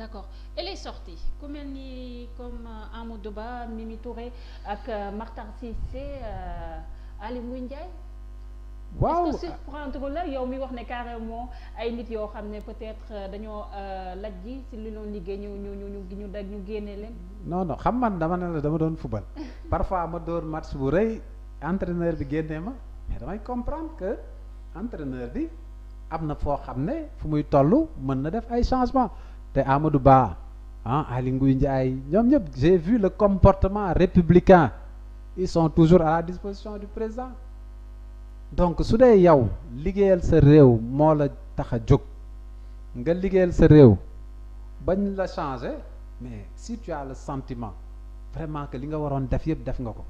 d' accord et les sorties ku mel ni comme euh, Amadou Ba mi Mimi Touré ak euh, Makhtar Cissé euh, Aly Ngouille Ndiaye waaw est-ce la yow mi wax ne carrément ay nit yoo xam ne peut-être dañoo laj ji si li doon liggéey ñu ñu ñu ñu dag ñu génne leen. non non xam man dama ne la dama doon fubal parfois ma door match bu rëy entraîneur bi génnee ma mais damay comprendre que entraîneur bi am na foo xam ne fu muy toll mën na def ay changement te Amadou Ba ah Aly Ngouille Ndiaye ñoom ñëpp j'ai vu le comportement républicain il sont toujours à la disposition du président donc su dee yow liggéeyal sa réew moo la tax a jóg nga liggéeyal sa réew bañ la changer mais si la as sentiment vraiment que li nga waroon def yëpp def nga ko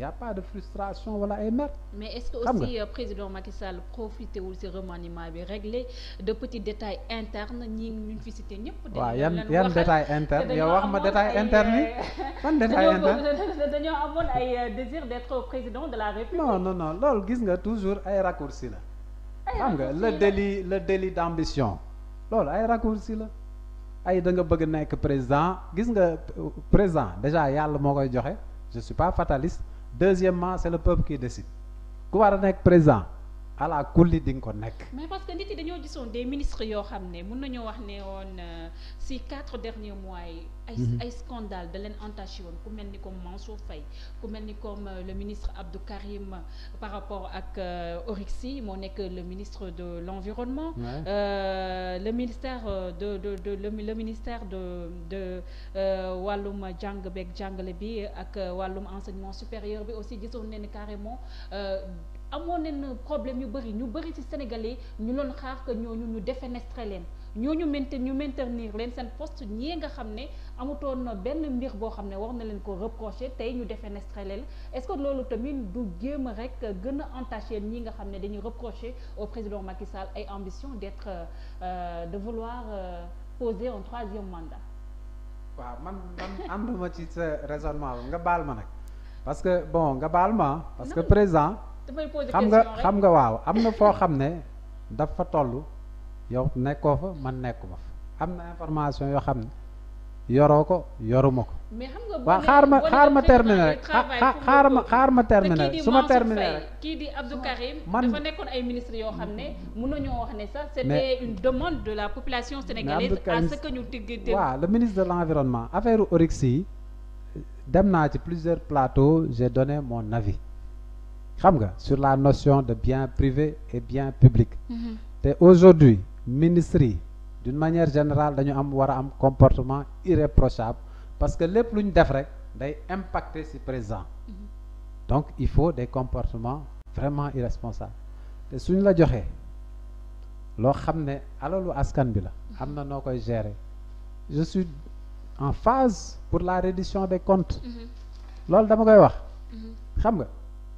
y' pas de frustration wala ay mer. mais est ce que aussi euh, président Macky Sall profité wul si remaniement bi régler de petits détails internes ñi ñu fi cité ñëpp. waaw yan yan détails internes yow wax ma détails internes yi euh, ban détail interne dañoo amoon ay euh, de la république. non non gis nga toujours ay raccourci la. xam nga le délit le délit d' ambition loolu ay raccourci la. ay danga bëgg nekk président gis nga euh, président déjà yàlla moo koy joxe je suis pas fataliste deuxièmement c'est la peuple qui décide ku war a nekk président ala kulli di nga ko nekk. mais parce que nit yi dañoo gisoon des ministres yoo xam ne mun nañoo wax ne woon euh, si quatre derniers mois yi. ay mhm. ay scandale da leen entaché woon ku mel ni comme Mansour Faye ku mel ni comme euh, le ministre Abdou Karim euh, par rapport ak Orixi moo nekk le ministre de l'environnement. Ouais. Euh, le ministère de de de le, le ministère de de wàllum jàng beek jàngale bi ak wàllum enseignement supérieur bi aussi gisoon nañu carrément. Euh, amoon nañu problème yu bëri ñu bëri ci sénégalais ñu doon xaar que ñooñu ñu défenestré leen ñooñu mainten ñu maintenir leen seen poste ñii nga xam ne amutoon benn mbir boo xam ne war na leen ko reprocher tey ñu défenestré leen est-ce que loolu tamit du jéem a rek gën a entaché ñi nga xam ne dañuy reprocher au président Macky Sall ay ambition d'être euh, de vouloir euh, poser un troisième mandat waaw man man ànduma ci sa raisonnement nga baal ma nag parce que bon nga baal ma parce que présent damay poser xam nga xam nga waaw am na foo xam ne dafa toll yow nekkoo fa man nekkuma fa am na information yoo xam ne yoroo ko yoruma ko. mais xam nga waaw xaar ma xaar ma terminer rek xaar ma xaar ma terminer rek su ma terminer rek kii di Abdou Karim dafa nekkoon ay ministres yoo xam ne mën nañoo wax ne sax c'était une demande de la population sénégalaise à ce ñu tigg waaw le ministre de l'environnement affaire Oryx yi dem naa ci plusieurs plateaux j'ai donné mon avis xam nga sur la notion de bien privé et bien public mm-hmm. te aujourd'hui ministres yi d'une manière générale dañu am war a am comportement irréprochable parce que lépp lu ñu def rek day impacter ci présent mm-hmm. donc il faut des comportements vraiment irresponsables te suñ la joxee loo xam ne alalu askan bi la am na noo koy gérer je suis en phase pour la reddition des comptes mm-hmm. loolu dama koy wax xam nga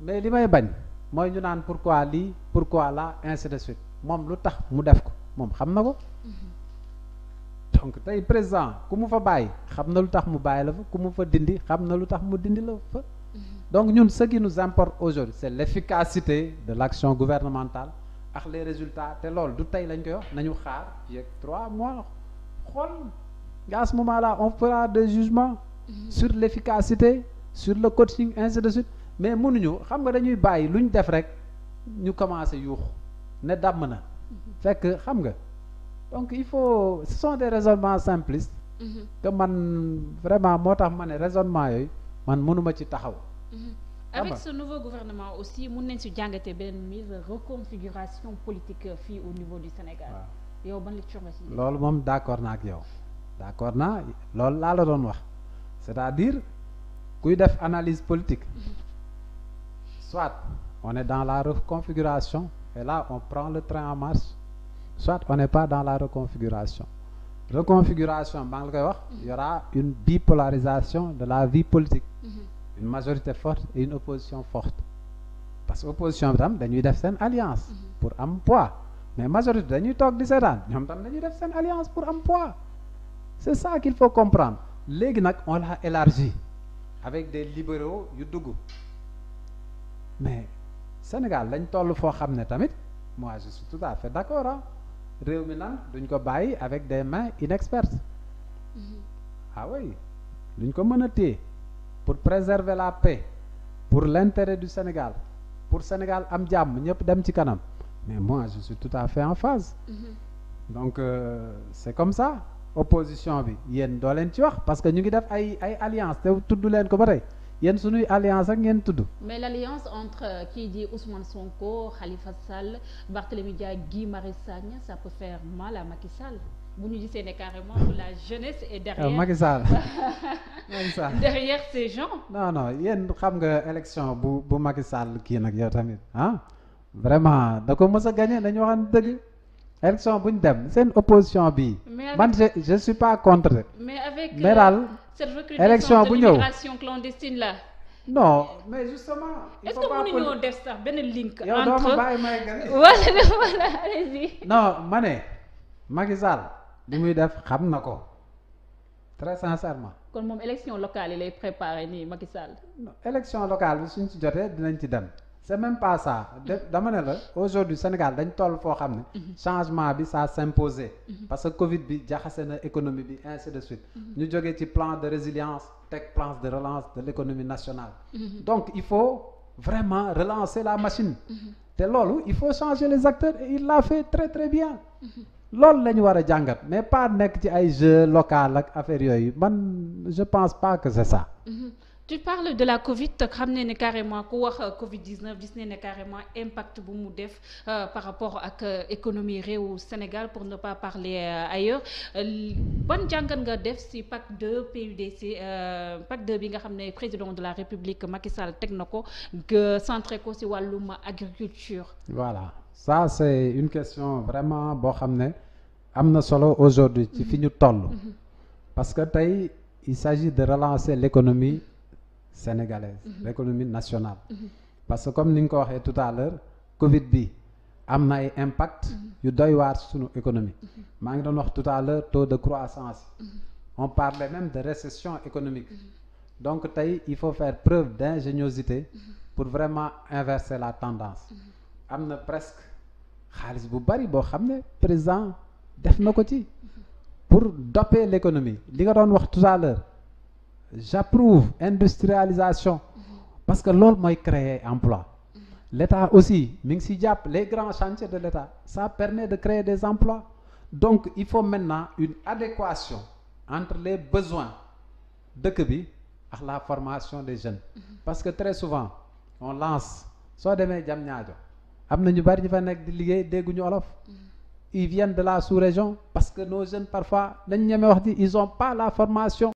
mais li may bañ mooy ñu naan pourquoi lii pourquoi la ainsi de suite moom lu tax mu def ko moom xam na ko mm-hmm. donc tey président ku mu fa bàyyi xam na lu tax mu bàyyi la fa ku mu fa dindi xam na lu tax mu dindi la fa mm-hmm. donc ñun ce qui nous importe aujourd'hui c'est l'efficacité de l'action gouvernementale ak les résultats te loolu du tey lañ koy wax nañu xaar yeeg trois mois xool nga à mu moment là on fera des jugements mm-hmm. sur l'efficacité sur le coaching ainsi de suite mais mënuñu xam nga dañuy bàyyi lu ñu def rek ñu commencé yuux ne dàmm na fekk xam nga donc il faut ce sont des raisonnements simplistes que man vraiment moo tax ma ne raisonnement yooyu man mënuma ci taxaw mm-hmm. avec ce nouveau gouvernement aussi mun nañ si jàngate benn mise reconfiguration politique fii au niveau du Sénégal yow ban lecture nga loolu moom d'accord naa ak yow d'accord naa loolu laa la doon wax c'est-à-dire kuy def analyse politique mm-hmm. soit on est dans la reconfiguration et là on prend le train en marche soit on n'est pas dans la reconfiguration reconfiguration maa ngi la koy wax il y aura une bipolarisation de la vie politique mm -hmm. une majorité forte et une opposition forte parce que opposition bi tam dañuy def seen alliance mm-hmm. pour am poids mais majorité dañuy toog di seetaan ñoom tam dañuy def seen alliance pour am poids c'est ça qu'il faut comprendre léegi nag on l'a élargi avec des libéraux yu dugg mais Sénégal lañ toll foo xam ne tamit moi je suis tout à fait d'accord réew mi na duñ ko bàyyi avec des mains inexpertes mm-hmm. ah oui duñ ko mën a téye pour préserver la paix pour l'intérêt du Sénégal pour Sénégal am jàmm ñëpp dem ci kanam mais moi je suis tout à fait en phase mm-hmm. donc euh, c'est comme ça opposition bi yéen doo leen ci wax parce que ñu ngi def ay ay alliance te tudd leen ko ba tey yéen suñuy alliance ak ngeen tudd. mais l'alliance entre kii euh, di Ousmane Sonko Khalifa Sall Barthélémy Dias Guy Marius Sagna ça peut faire mal à Macky Sall. bu ñu gisee ne carrément la jeunesse est euh, derrière Macky Sall Macky Sall derrière ces gens. non non yéen xam nga élection bu bu Macky Sall kii nag yow tamit ah vraiment da ko mës a gagné dañu waxoon dëgg. élection bu ñu dem seen opposition bi. man je je suis pas contre. mais avec mais euh, cette recrudescence de l'immigration clandestine là. non mais justement. il def sax benn link. entre yow ma ne Macky li muy def xam na ko très sincèrement. kon moom élection locale yi lay préparer nii Macky Sall. non élection locale bi suñ ci jotee dinañ ci dem. c'est même pas ça dama ne la aujourd'hui Sénégal dañ toll foo xam ne mhm. changement bi ça s'imposait mhm. parce que Covid bi jaxase na économie bi ainsi de suite mhm. ñu joge ci plan de résilience teg plan de relance de l'économie nationale donc il faut vraiment relancer la machine te loolu il faut changer les acteurs il l'a fait très très bien loolu la ñu war a jàngat mais pas nekk ci ay jeux locaux ak affaire yooyu man je pense pas que c'est ça tu parles de la Covid xam ne ne carrément ku wax euh, Covid 19 gis ne ne carrément impact bu mu def euh, par rapport ak euh, économie réewu Sénégal pour ne pas parler ailleurs ban jàngat nga def ci pacte 2 PUDC pacte 2 bi nga xam ne président de la République Macky Sall teg na ko nga centré ko ci wàllum agriculture. voilà ça c'est une question vraiment boo xam ne am na solo aujourd'hui ci fi ñu toll. Mm-hmm. parce que tey il s'agit de relancer l'économie. sénégalaise mhm. l'économie nationale mhm. parce que comme ni nga ko waxee tout à l'heure covid bi am na ay impact mhm. yu doy waar suñu économie maa ngi doon wax tout à taux de croissance on parle même de récession économique donc tey il faut faire preuve d'ingéniosité pour vraiment inverser la tendance am na presque xaalis bu bari boo xam ne président def na ko ci pour doper l'économie li nga doon wax tout j'approuve industrialisation parce que loolu mooy créer emploi l'État aussi mi ngi si jàpp les grands chantiers de l'État ça permet de créer des emplois donc il faut maintenant une adéquation entre les besoins dëkk bi ak la formation des jeunes parce que très souvent on lance soo demee jam ñaajo am na ñu bari ñu fa nekk di liggéey dégguñu olof ils viennent de la sous-région parce que nos jeunes parfois dañ ñeme wax di ils ont pas la formation